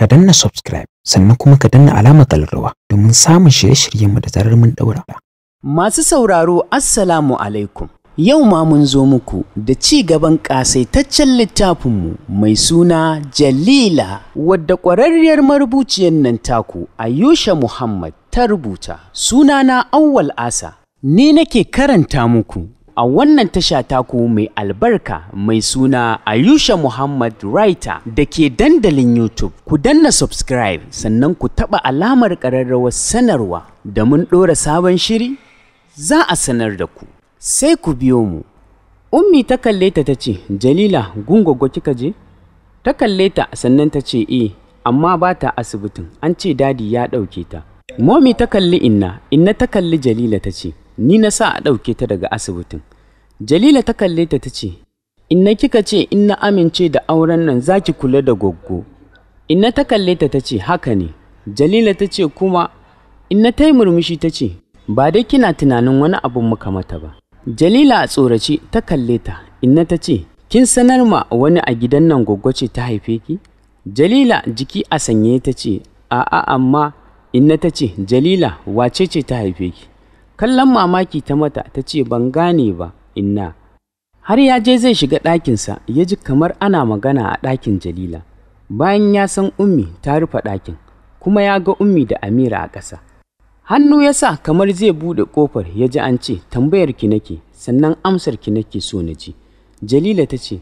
ka danna subscribe sannan kuma ka danna alamar kallarwa domin samun shirye mu da zarar mun daura. Masu sauraro Assalamu alaikum. Yau ma mun zo muku da ci gaban ƙasaitaccen littafinmu mai suna Jalila wadda ƙwararriyar marubuciyar nan taku Ayusha Muhammad ta rubuta. Sunana Awwal Asa, ni nake karanta muku. a wannan tasha taku mai albarka mai suna Ayusha Muhammad Writer da ke dandalin YouTube. Ku danna subscribe sannan ku taɓa alamar ƙararrawar sanarwa da mun ɗora sabon shiri za a sanar da ku. Sai ku biyo mu. Ummi ta kalle ta ta ce, Jalila gungogo kika je? Ta kalle ta sannan ta ce, e, amma ba ta asibitin, an ce dadi ya ɗauke ta. Momi ta kalli inna, inna ta kalli Jalila ta ce, ni na sa a ɗauke ta daga asibitin jalila ta kalle ta ta ce inna kika ce in na amince da auren nan za ki kula da goggo inna ta kalle ta ta ce haka ne jalila ta ce kuma inna ta yi murmushi ta ce ba dai kina tunanin wani abun muka mata ba jalila a tsorace ta kalle ta inna ta ce kin sanar ma wani a gidan nan goggo ce ta haife ki jalila jiki a sanye ta ce a'a amma inna ta ce jalila wace ce ta haife ki kallon mamaki ta mata ta ce ban gane ba inna har ya je zai shiga ɗakinsa ya ji kamar ana magana a ɗakin jalila bayan ya san ummi ta rufe ɗakin kuma ya ga ummi da amira a ƙasa hannu ya sa kamar zai buɗe ƙofar ya ji an ce tambayar ki nake sannan amsar ki nake so na ji jalila ta ce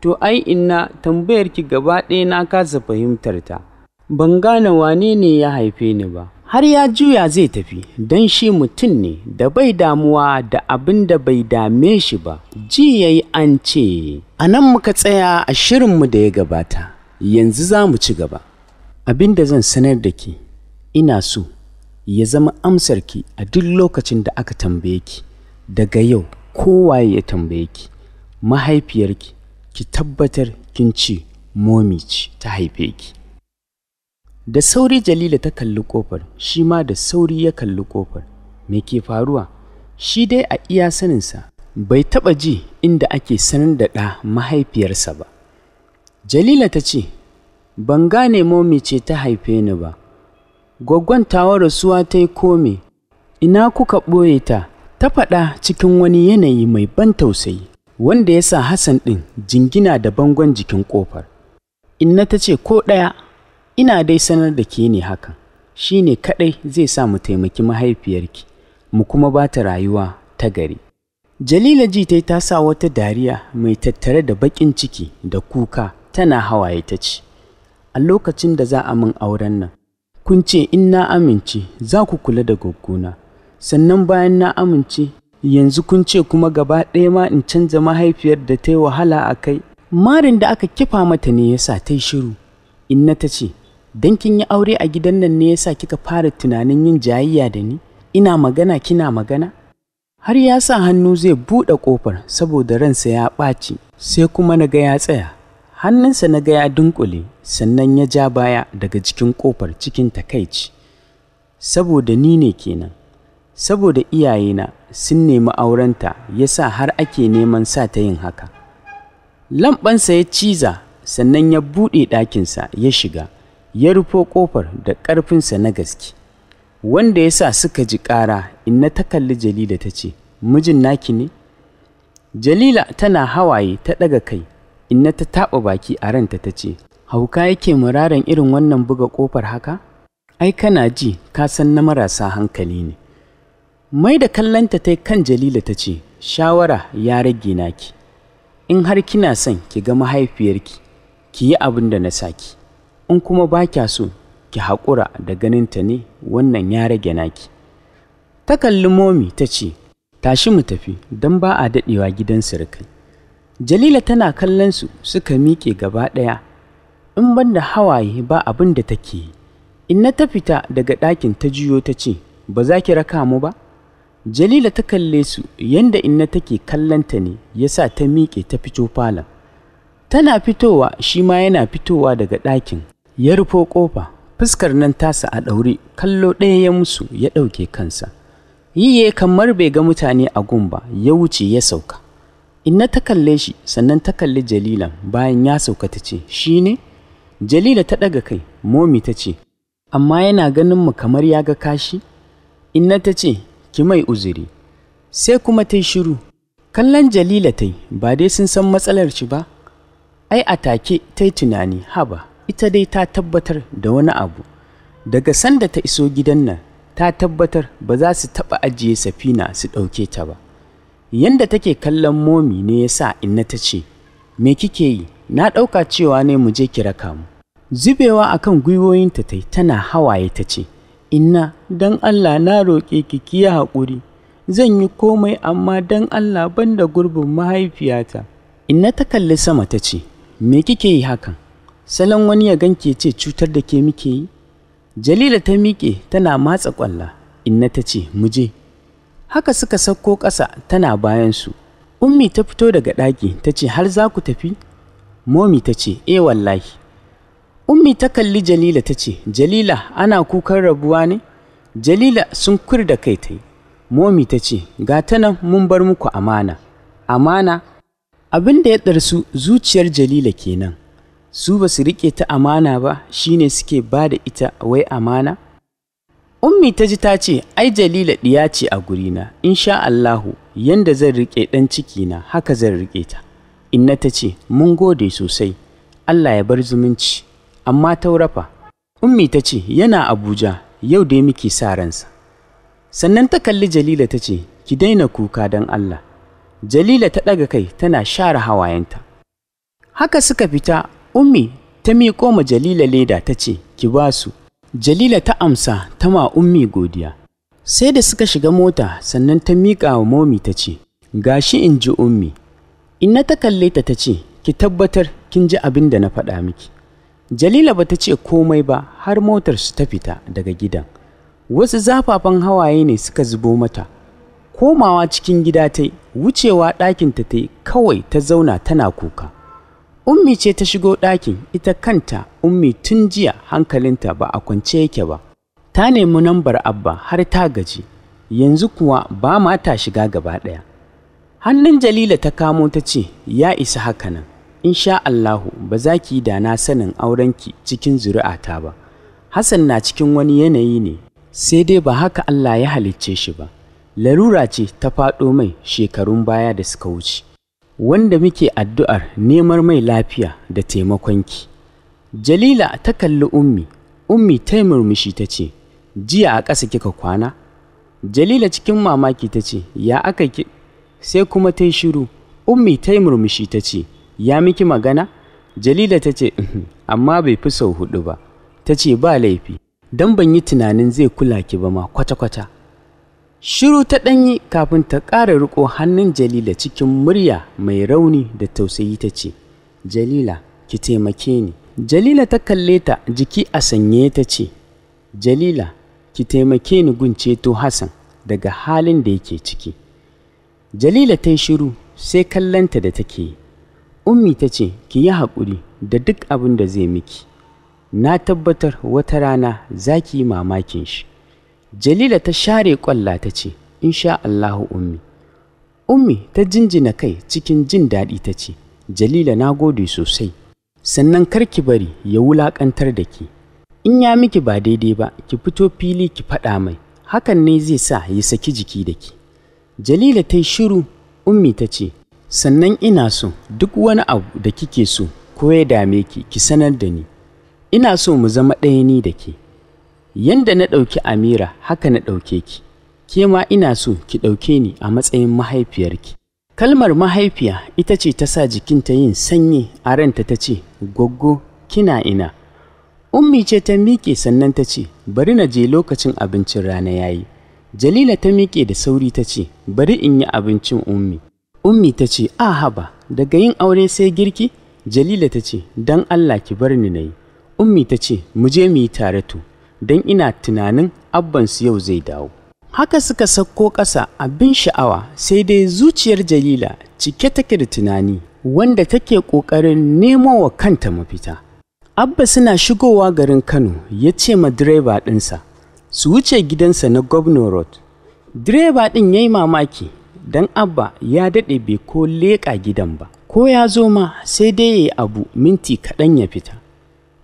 to ai inna tambayar ki gaba ɗaya na kasa fahimtar ta ban gane wane ne ya haife ni ba har ya juya zai tafi don shi mutum ne da bai damuwa da abin da bai dame shi ba ji ya yi an ce a nan muka tsaya a shirinmu da ya gabata yanzu za mu ci gaba abin da zan sanar da ke ina so ya zama amsarki a duk lokacin da aka tambaye ki daga yau kowaye ya tambaye ki mahaifiyarki ki tabbatar kin ci momi ta haife ki da sauri jalila ta kalli kofar shi ma da sauri ya kalli kofar me ke faruwa shi dai a iya saninsa bai taɓa ji inda ake sanar da ɗa mahaifiyarsa ba jalila ta ce ban gane momi ce ta haife ni ba gwaggon tawa rasuwa ta yi kome ina kuka ɓoye ta ta faɗa cikin wani yanayi mai ban tausayi wanda ya sa hassan ɗin jingina da bangon jikin ƙofar inna ta ce ko ɗaya ina dai sanar da ke ne hakan shi ne kaɗai zai sa mu taimaki mahaifiyarki mu kuma ba ta rayuwa ta gari jalila ji ta sa wata dariya mai tattare da baƙin ciki da kuka tana hawaye ta ci, a lokacin da za a min auren nan kun ce in na amince za ku kula da goggona sannan bayan na amince yanzu kun ce kuma gaba ɗaya ma in canza mahaifiyar da ta yi wahala a kai marin da aka kifa mata ne ya sa ta yi shiru inna ta ce don kin yi aure a gidan nan ne yasa kika fara tunanin yin jayayya da ni ina magana kina magana har ya sa hannu zai buɗe ƙofar saboda ransa ya ɓaci sai kuma na ga ya tsaya hannunsa na ga ya dunkule sannan ya ja baya daga jikin ƙofar cikin takaici saboda ni ne kenan saboda iyayena sun nemi aurenta ya sa har ake neman sa ta yin haka lamɓansa ya ciza sannan ya buɗe ɗakinsa ya shiga ya rufo ƙofar da ƙarfinsa na gaske wanda ya sa suka ji ƙara inna ta kalli jalila ta ce mijin naki ne jalila tana hawaye ta ɗaga kai inna ta taɓa baki a ranta ta ce hauka yake muraren irin wannan buga ƙofar haka ai kana ji ka san na marasa hankali ne mai da kallonta ta kan jalila ta ce shawara ya rage naki in har kina son ki ga mahaifiyarki ki yi abin da na saki in kuma ba kya so ki haƙura da ganinta ne wannan ya rage naki ta kalli momi ta ce tashi mu tafi don ba a daɗewa gidan surukai jalila tana kallon su suka miƙe gaba ɗaya in ban da hawaye ba abin da take yi in na ta fita daga ɗakin ta juyo ta ce ba za ki raka mu ba jalila ta kalle su yanda inna take kallanta ne ya sa ta miƙe ta fito falon tana fitowa shi ma yana fitowa daga ɗakin ya rufo ƙofa fuskar nan tasa a ɗaure kallo ɗaya ya musu ya ɗauke kansa yiye kamar bai ga mutane a gun ba. ya wuce ya sauka inna ta kalle shi sannan ta kalli jalila bayan ya sauka ta ce shi ne jalila ta ɗaga kai momi ta ce amma yana ganin mu kamar ya ga kashi inna ta ce ki mai uzuri sai kuma ta yi shiru kallon jalila ta yi ba dai sun san matsalar shi ba ai a take ta yi tunani haba ita dai ta tabbatar da wani abu daga sanda ta iso gidan nan ta tabbatar ba za su taɓa ajiye safina su ɗauke ta ba yanda take kallon momi ne ya sa inna ta ce me kike yi na ɗauka cewa ne mu je ki raka mu zubewa akan gwiwoyinta ta tana hawaye ta ce inna 'Dan allah na roƙe ki ki haƙuri zan yi komai amma Dan allah banda gurbin mahaifiyata inna ta kalli sama ta ce me kike yi hakan salon wani ya ganke ce cutar da ke muke yi jalila ta miƙe tana matsa ƙwalla inna ta ce muje haka suka sauko ƙasa tana bayansu ummi ta fito daga ɗaki ta ce har za ku tafi momi ta ce e wallahi ummi ta kalli jalila ta ce jalila ana kukan rabuwa ne jalila sun kur da kai ta yi momi ta ce ga ta nan mun bar muku amana amana abin da ya ɗarsu zuciyar jalila kenan su ba su riƙe ta amana ba shine suke ba da ita wai amana? Ummi ta ji ta ce, ai Jalila ɗiya ce a gurina, sha Allahu, yanda zan riƙe ɗan cikina haka zan riƙe ta. Inna ta ce, mun gode sosai, Allah ya bar zumunci, amma taurafa. Ummi ta ce, yana Abuja, yau dai muke sa ransa. Sannan ta kalli Jalila ta ce, ki daina kuka don Allah. Jalila ta ɗaga kai tana share hawayenta. Haka suka fita Ummi ta miƙo ma Jalila leda ta ce, Ki ba su. Jalila ta amsa ta ma Ummi godiya. Sai da suka shiga mota sannan ta miƙa wa momi ta ce, Gashi in ji Ummi. Inna ta kalle ta ta ce, Ki tabbatar kin ji abin da na faɗa miki. Jalila ba ta ce komai ba har motar su ta fita daga gidan. Wasu zafafan hawaye ne suka zubo mata. Komawa cikin gida ta wucewa ɗakinta ta kawai ta zauna tana kuka. Ummi ce ta shigo ɗakin ita kanta Ummi tun jiya hankalinta ba a kwance yake ba. Ta nemi nambar Abba har ta gaji, yanzu kuwa ba ma ta shiga gaba ɗaya. Hannun Jalila ta kamo ta ce, ya isa haka nan, sha Allahu ba za ki da na sanin aurenki cikin zuri'ata ba. Hassan na cikin wani yanayi ne, sai dai ba haka Allah ya halicce shi ba. Larura ce ta faɗo mai shekarun baya da suka wuce. wanda muke addu'ar neman mai lafiya da taimakonki. Jalila ta kalli ummi, ummi ta murmushi ta ce, jiya a ƙasa kika kwana? Jalila cikin mamaki ta ce, ya aka ki, sai kuma ta yi shiru, ummi ta murmushi ta ce, ya miki magana? Jalila ta ce, uhm, amma bai fi sau hudu ba, ta ce ba laifi, don ban yi tunanin zai kula ki ba ma kwata-kwata. Shiru ta ɗanyi kafin ta ƙara riƙo hannun Jalila cikin murya mai rauni da tausayi ta ce, Jalila, ki taimake ni. Jalila ta kalle ta jiki a sanye ta ce, Jalila, ki taimake ni gun ceto Hassan daga halin da yake ciki. Jalila ta yi shiru sai kallanta da take yi. Ummi ta ce, ki yi haƙuri da duk abin da zai miki. Na tabbatar wata rana za ki yi mamakin shi. jalila ta share ƙwalla ta ce insha allahu ummi ummi ta jinjina kai cikin jin daɗi ta ce jalila na gode sosai sannan kar ki bari ya wulaƙantar da ki in ya miki ba daidai ba ki fito fili ki faɗa mai hakan ne zai sa ya saki jiki da ki jalila ta yi shiru ummi ta ce sannan ina so duk wani abu da kike so ko ya dame ki ki sanar da ni ina so mu zama ɗaya ni da ke yanda na ɗauki amira haka na ɗauke ki ke ma ina so ki ɗauke ni a matsayin mahaifiyarki kalmar mahaifiya ita ce ta sa jikinta yin sanyi a ranta ta ce Goggo, kina ina ummi ce ta miƙe sannan ta ce bari na je lokacin abincin rana ya yi. jalila ta miƙe da sauri ta ce bari in yi abincin ummi ummi ta ce a haba daga yin aure sai girki jalila ta ce don allah ki bar ni na yi ummi ta ce mu je mu yi tare to don ina tunanin abbansu yau zai dawo haka suka sauko ƙasa abin sha'awa sai dai zuciyar jalila cike take da tunani wanda take ƙoƙarin nemo wa kanta mafita abba suna shigowa garin kano ya ce ma direba ɗinsa su wuce gidansa na governor road direba ɗin ya yi mamaki don abba ya daɗe bai ko leƙa gidan ba ko ya zo ma sai dai ya yi abu minti kaɗan ya fita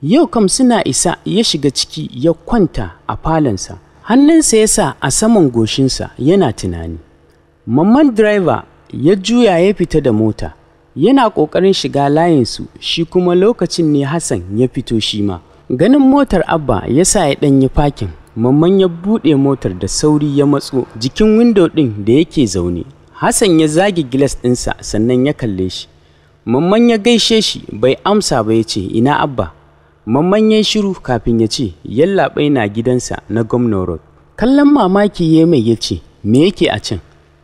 yau kam suna isa ya shiga ciki ya kwanta a falonsa hannunsa ya sa a saman goshinsa yana tunani mamman driver ya juya ya fita da mota yana ƙoƙarin shiga layinsu shi kuma lokacin ne hassan ya fito shi ma ganin motar abba ya sa ya ɗanyi fakin mamman ya buɗe motar da sauri ya matso jikin windo ɗin da yake zaune hassan ya zage gilas ɗinsa sannan ya kalle shi mamman ya gaishe shi bai amsa ba ya ce ina abba Mamman ya shiru kafin ya ce, Yallaɓai na gidansa na gwamnan road. Kallon mamaki ya mai ya ce, Me yake a can?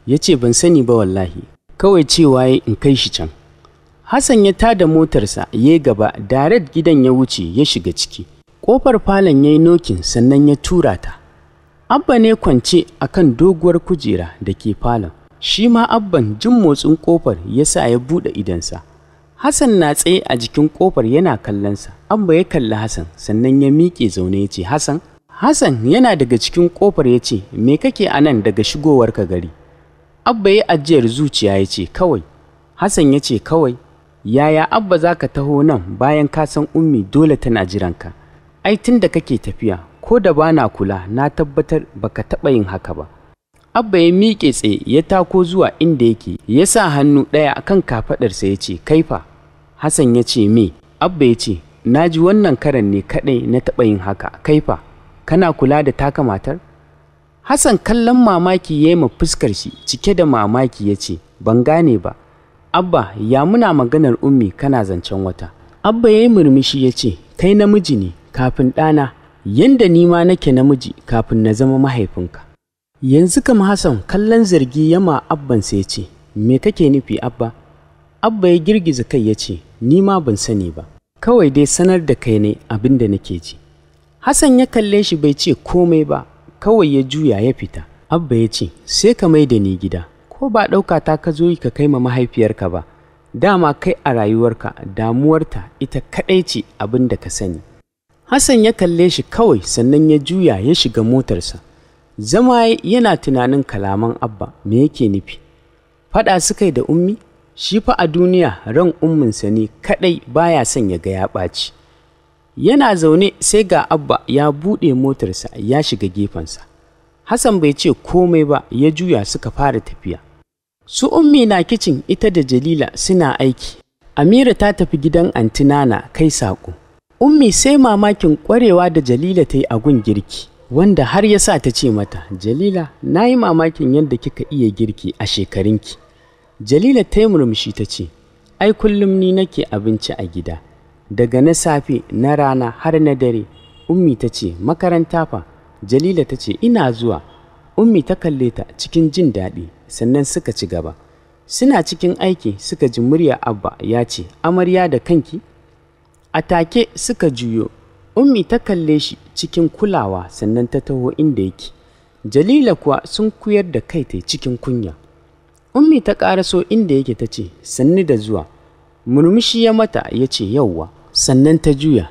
Ya ce, Ban sani ba wallahi, kawai cewa ya in kai shi can. Hassan ya tada motarsa ya gaba, direct gidan ya wuce ya shiga ciki. Ƙofar falon ya yi nokin sannan ya tura ta. Abba ne kwance a kan doguwar kujera da ke falon. Shi ma abban jin motsin ƙofar ya sa ya buɗe idansa. Hassan na tsaye a jikin kofar yana kallonsa. Abba ya kalli Hassan sannan ya miƙe zaune ya ce Hassan. Hassan yana daga cikin kofar ya ce me kake a nan daga shigowarka gari. Abba ya ajiyar zuciya ya ce kawai. Hassan ya ce kawai yaya Abba za ka taho nan bayan ka san ummi dole tana jiranka. Ai tun da kake tafiya ko da ba na kula na tabbatar baka taɓa yin haka ba. Abba ya miƙe tsaye ya tako zuwa inda yake ya sa hannu ɗaya akan kafaɗarsa ya ce kaifa Hassan ya ce me, Abba ya ce, na ji wannan karan ne kaɗai na taɓa yin haka, kaifa, kana kula da taka matar? Hassan kallon mamaki ya yi fuskar shi cike da mamaki ya ce, ban gane ba, Abba ya muna maganar ummi kana zancen wata. Abba ya yi murmushi ya ce, kai namiji ne kafin ɗana, yanda ni ma nake namiji kafin na zama mahaifinka. Yanzu kam Hassan kallon zargi yama abbansa ya ce, me kake nufi Abba? Abba ya girgiza kai ya ce, ni ma ban sani ba kawai dai sanar da kai ne abin da nake ji hassan ya kalle shi bai ce komai ba kawai ya juya ya fita abba ya ce sai ka mai da ni gida ko ba ɗauka ta ka zo ka kai ma mahaifiyarka ba dama kai a rayuwarka damuwarta ita kaɗai ce abin da ka sani hassan ya kalle shi kawai sannan ya juya ya shiga motarsa zama yana tunanin kalaman abba me yake nufi faɗa suka yi da ummi shi fa a duniya ran umminsa ne kaɗai baya son ya ga ya ɓaci yana zaune sai ga abba ya buɗe motarsa ya shiga gefensa hassan bai ce komai ba ya juya suka fara tafiya su ummi na kicin ita da jalila suna aiki amira ta tafi gidan antinana kai saƙo ummi sai mamakin ƙwarewa da jalila ta yi a gun girki wanda har ya sa ta ce mata jalila na yi mamakin yadda kika iya girki a shekarunki Jalila ta yi murmushi ta ce, Ai, kullum ni nake abinci a gida, daga na safe, na rana har na dare. Ummi ta ce, Makaranta fa, Jalila ta ce, Ina zuwa. Ummi ta kalle ta cikin jin daɗi, sannan suka ci gaba. Suna cikin aiki suka ji murya Abba ya ce, Amarya da kanki? A take suka juyo, Ummi ta kalle shi cikin kulawa sannan ta taho inda yake. Jalila kuwa sun kuyar da kai ta cikin kunya. ummi ta ƙaraso inda yake ta ce sannu da zuwa murmushi ya mata ya ce yauwa sannan ta juya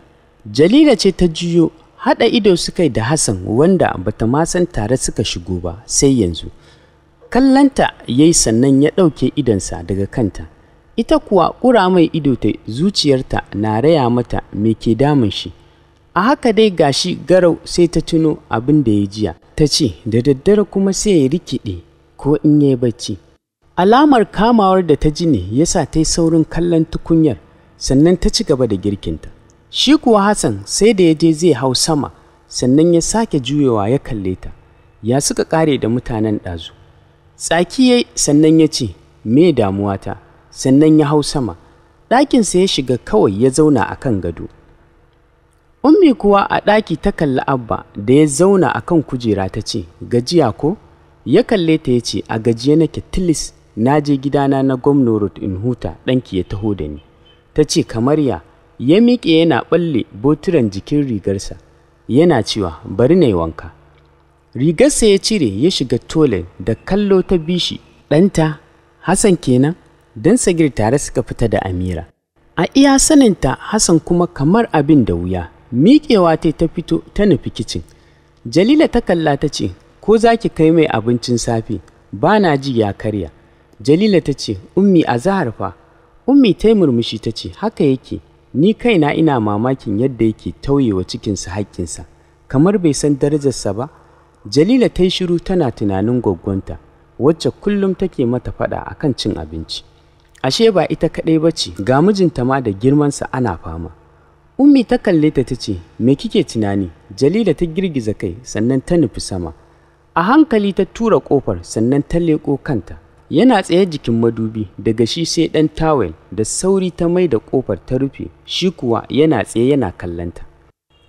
jalila ce ta juyo haɗa ido suka yi da hassan wanda bata ma san tare suka shigo ba sai yanzu kallanta ya yi sannan ya ɗauke idonsa daga kanta ita kuwa ƙura mai ido ta zuciyarta na raya mata me ke damun shi a haka dai gashi garau sai ta tuno abin da ya jiya ta ce da daddare kuma sai ya rikide ko in ya yi bacci alamar kamawar da ta ji ne ya sa ta yi saurin kallon tukunyar sannan ta ci gaba da girkinta shi kuwa hassan sai da ya je zai hau sama sannan ya sake juyewa ya kalle ta ya suka kare da mutanen ɗazu tsaki ya sannan ya ce me damuwata sannan ya hau sama ɗakinsa ya shiga kawai ya zauna a kan gado ummi kuwa a ɗaki ta kalli abba da ya zauna a kan kujera ta ce gajiya ko ya kalle ta ya ce a gajiye nake tilis na je gidana na gwamno in huta ɗanki ya taho da ni ta ce kamar ya ya miƙe yana ɓalle boturan jikin rigarsa yana cewa bari na yi wanka rigarsa ya cire ya shiga tole da kallo ta bishi ɗanta hassan kenan don sagir tare suka fita da amira a iya saninta hassan kuma kamar abin da wuya miƙewa ta ta fito ta nufi kicin jalila ta kalla ta ce ko za ki kai mai abincin safe ba na ji ya karya Jalila ta ce, Ummi a zahar fa, Ummi ta murmushi ta ce, haka yake, ni kaina ina mamakin yadda yake tauyewa cikinsa haƙƙinsa, kamar bai san darajarsa ba. Jalila ta yi shiru tana tunanin gwaggonta, wacce kullum take mata faɗa a kan cin abinci. Ashe ba ita kaɗai ba ce, ga mijinta ma da girmansa ana fama. Ummi ta kalle ta ta ce, Me kike tunani? Jalila ta girgiza kai sannan ta nufi sama. A hankali ta tura ƙofar sannan ta leƙo kanta. yana tsaye jikin madubi daga shi sai ɗan tawel da sauri ta mai da ƙofar ta rufe shi kuwa yana tsaye yana kallonta.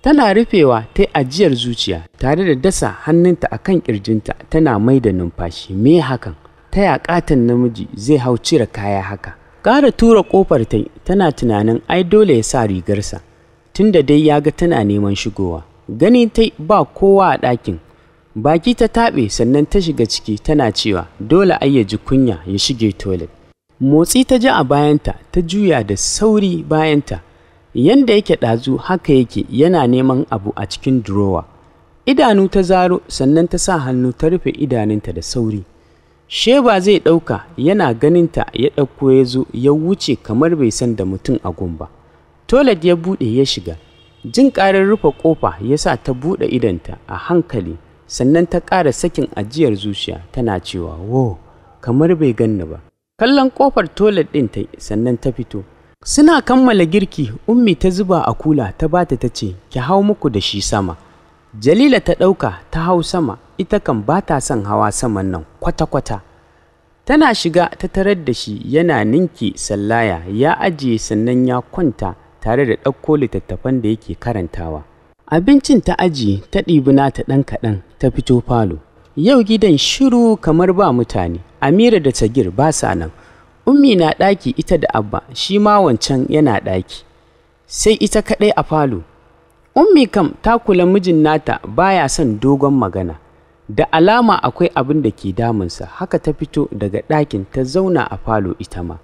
tana rufewa ta ajiyar zuciya tare da dasa hannunta a kan ƙirjinta tana mai da numfashi me hakan ta ya yaƙatan namiji zai hau cire kaya haka ƙara tura ƙofar ta tana tunanin ai dole ya sa rigarsa tunda dai ya ga tana neman shigowa gani ta ba kowa a ɗakin baki ta taɓe sannan ta shiga ciki tana cewa dole ai ji kunya ya shige toilet motsi ta ji a bayanta ta juya da sauri bayanta yanda yake ɗazu haka yake yana neman abu a cikin durowa idanu ta zaro sannan ta sa hannu ta rufe idanunta da sauri sheba zai ɗauka yana ganinta ya ɗauko ya zo ya wuce kamar bai san da mutum a gumba toilet ya buɗe ya shiga jin ƙarar rufe ƙofa ya sa ta buɗe idanta a hankali sannan ta ƙara sakin ajiyar zuciya tana cewa wo kamar bai ganni ba kallon ƙofar toilet ɗin ta sannan ta fito suna kammala girki ummi ta zuba a kula ta bata ta ce ki hau muku da shi sama jalila ta ɗauka ta hau sama ita kan ba ta son hawa saman nan kwata-kwata tana shiga ta tarar da shi yana ninki sallaya ya ajiye sannan ya kwanta tare da ɗauko littattafan da yake karantawa abincin ta aji ta ɗibi ta ɗan kaɗan ta fito falo yau gidan shiru kamar ba mutane amira da tagir ba sa nan ummi na ɗaki ita da abba shi ma wancan yana ɗaki sai ita kaɗai a falo ummi kam ta kula mijin nata baya son dogon magana da alama akwai abin da ke damunsa haka ta fito daga ɗakin ta zauna a falo ita ma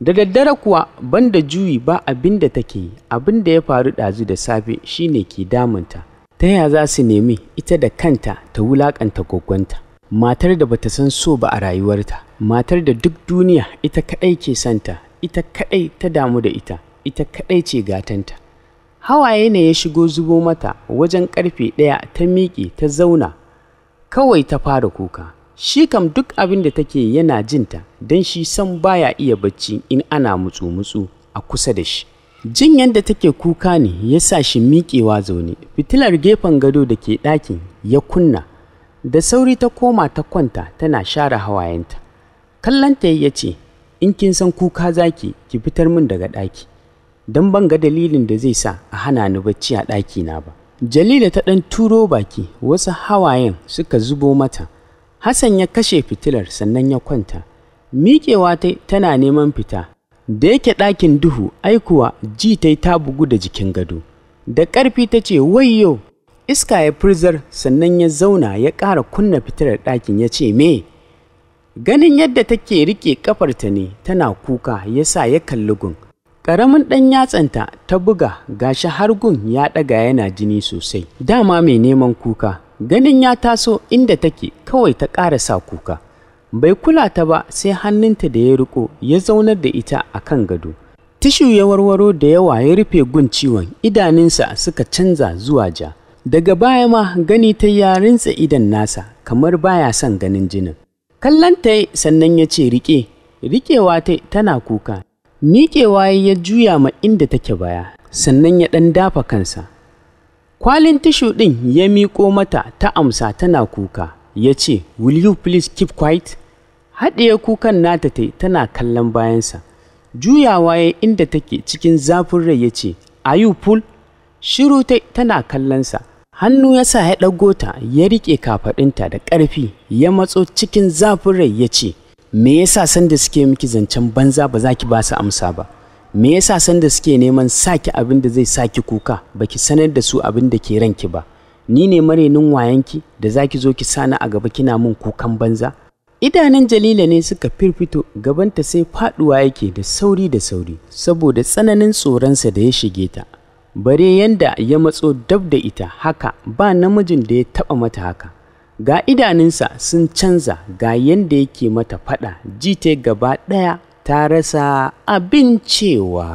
da daddare kuwa banda juyi ba abin da take yi abin da ya faru ɗazu da safe shine ke damunta ta ya za su nemi ita da kanta ta wulaƙanta gwaggwanta matar da bata san so ba a rayuwarta matar da duk duniya ita kaɗai ke santa ita kaɗai ta damu da ita ita kaɗai ce gatanta hawaye ne ya shigo zubo mata wajen ƙarfe ɗaya ta miƙe ta zauna kawai ta fara kuka shi kam duk abin da take yana jinta don shi san baya iya bacci in ana mutsu-mutsu a kusa da shi jin yadda take kuka ne ya sa shi miƙewa zaune fitilar gefen gado da ke ɗakin ya kunna da sauri ta koma ta kwanta tana share hawayenta kallonta ya ce in kin san kuka zaki ki fitar min daga ɗaki don ban ga dalilin da zai sa a hana ni bacci a ɗaki na ba jalila ta ɗan turo baki wasu hawayen suka zubo mata Hassan ya kashe fitilar sannan ya kwanta. Miƙewa ta tana neman fita. Da yake ɗakin duhu aikuwa ji ta ta bugu da jikin gado. Da ƙarfi ta ce wayyo iska ya firzar sannan ya zauna ya ƙara kunna fitilar ɗakin ya ce me. Ganin yadda take riƙe ƙafarta ne tana kuka ya sa ya kalli gun. Ƙaramin ɗan yatsanta ta buga gashi har gun ya ɗaga yana jini sosai. Dama mai neman kuka ganin ya taso inda take kawai ta ƙara sa kuka bai kula ta ba sai hannunta da ya riko ya zaunar da ita a kan gado tishu ya warwaro da yawa ya rufe gun ciwon idanunsa suka canza zuwa ja daga baya ma gani ta yarinsa idan nasa kamar baya son ganin jinin kallon ta sannan ya ce rike rikewa ta tana kuka miƙewa ya juya ma inda take baya sannan ya ɗan dafa kansa kwalin tishu ɗin ya miƙo mata ta amsa tana kuka ya ce will you please keep quiet haɗiye kukan nata tai tana kallon bayansa juyawa ya inda take cikin zafin rai ya ce are you full shiru ta tana kallonsa hannu ya sa ya ɗago ta ya riƙe kafaɗinta da ƙarfi ya matso cikin zafin rai ya ce me yasa sanda suke miki zancen banza ba za ki ba su amsa ba me yasa sanda suke neman saki abin da zai saki kuka baki sanar da su abin da ke ranki ba ni ne marenin wayanki da zaki zo ki sani a gaba kina mun kukan banza idanun jalila ne suka firfito gabanta sai faduwa yake da sauri da sauri saboda tsananin tsoronsa da ya shige ta bare yanda ya matso dab da ita haka ba namijin da ya taba mata haka ga idanunsa sun canza ga yanda yake mata fada ta gaba daya ta rasa abin cewa.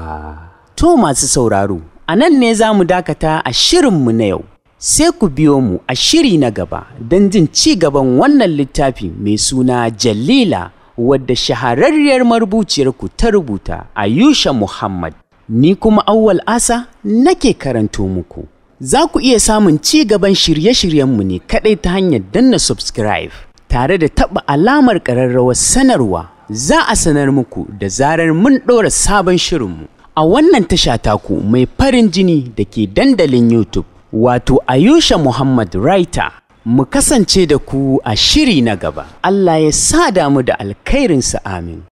To masu sauraro, a nan ne za mu dakata a mu na yau. Sai ku biyo mu a shiri na gaba don jin ci gaban wannan littafi mai suna Jalila wadda shahararriyar marubuciyar ku ta rubuta Ayusha Muhammad. Ni kuma Auwal Asa nake karanto muku. Za ku iya samun ci gaban shirye-shiryenmu ne kaɗai ta hanyar danna subscribe tare da taɓa alamar ƙararrawar sanarwa za a sanar muku da zarar mun ɗora sabon shirinmu a wannan tasha taku mai farin jini da ke dandalin YouTube wato Ayusha Muhammad Writer. Mu kasance da ku a shiri na gaba. Allah ya sa damu da alkhairinsa amin.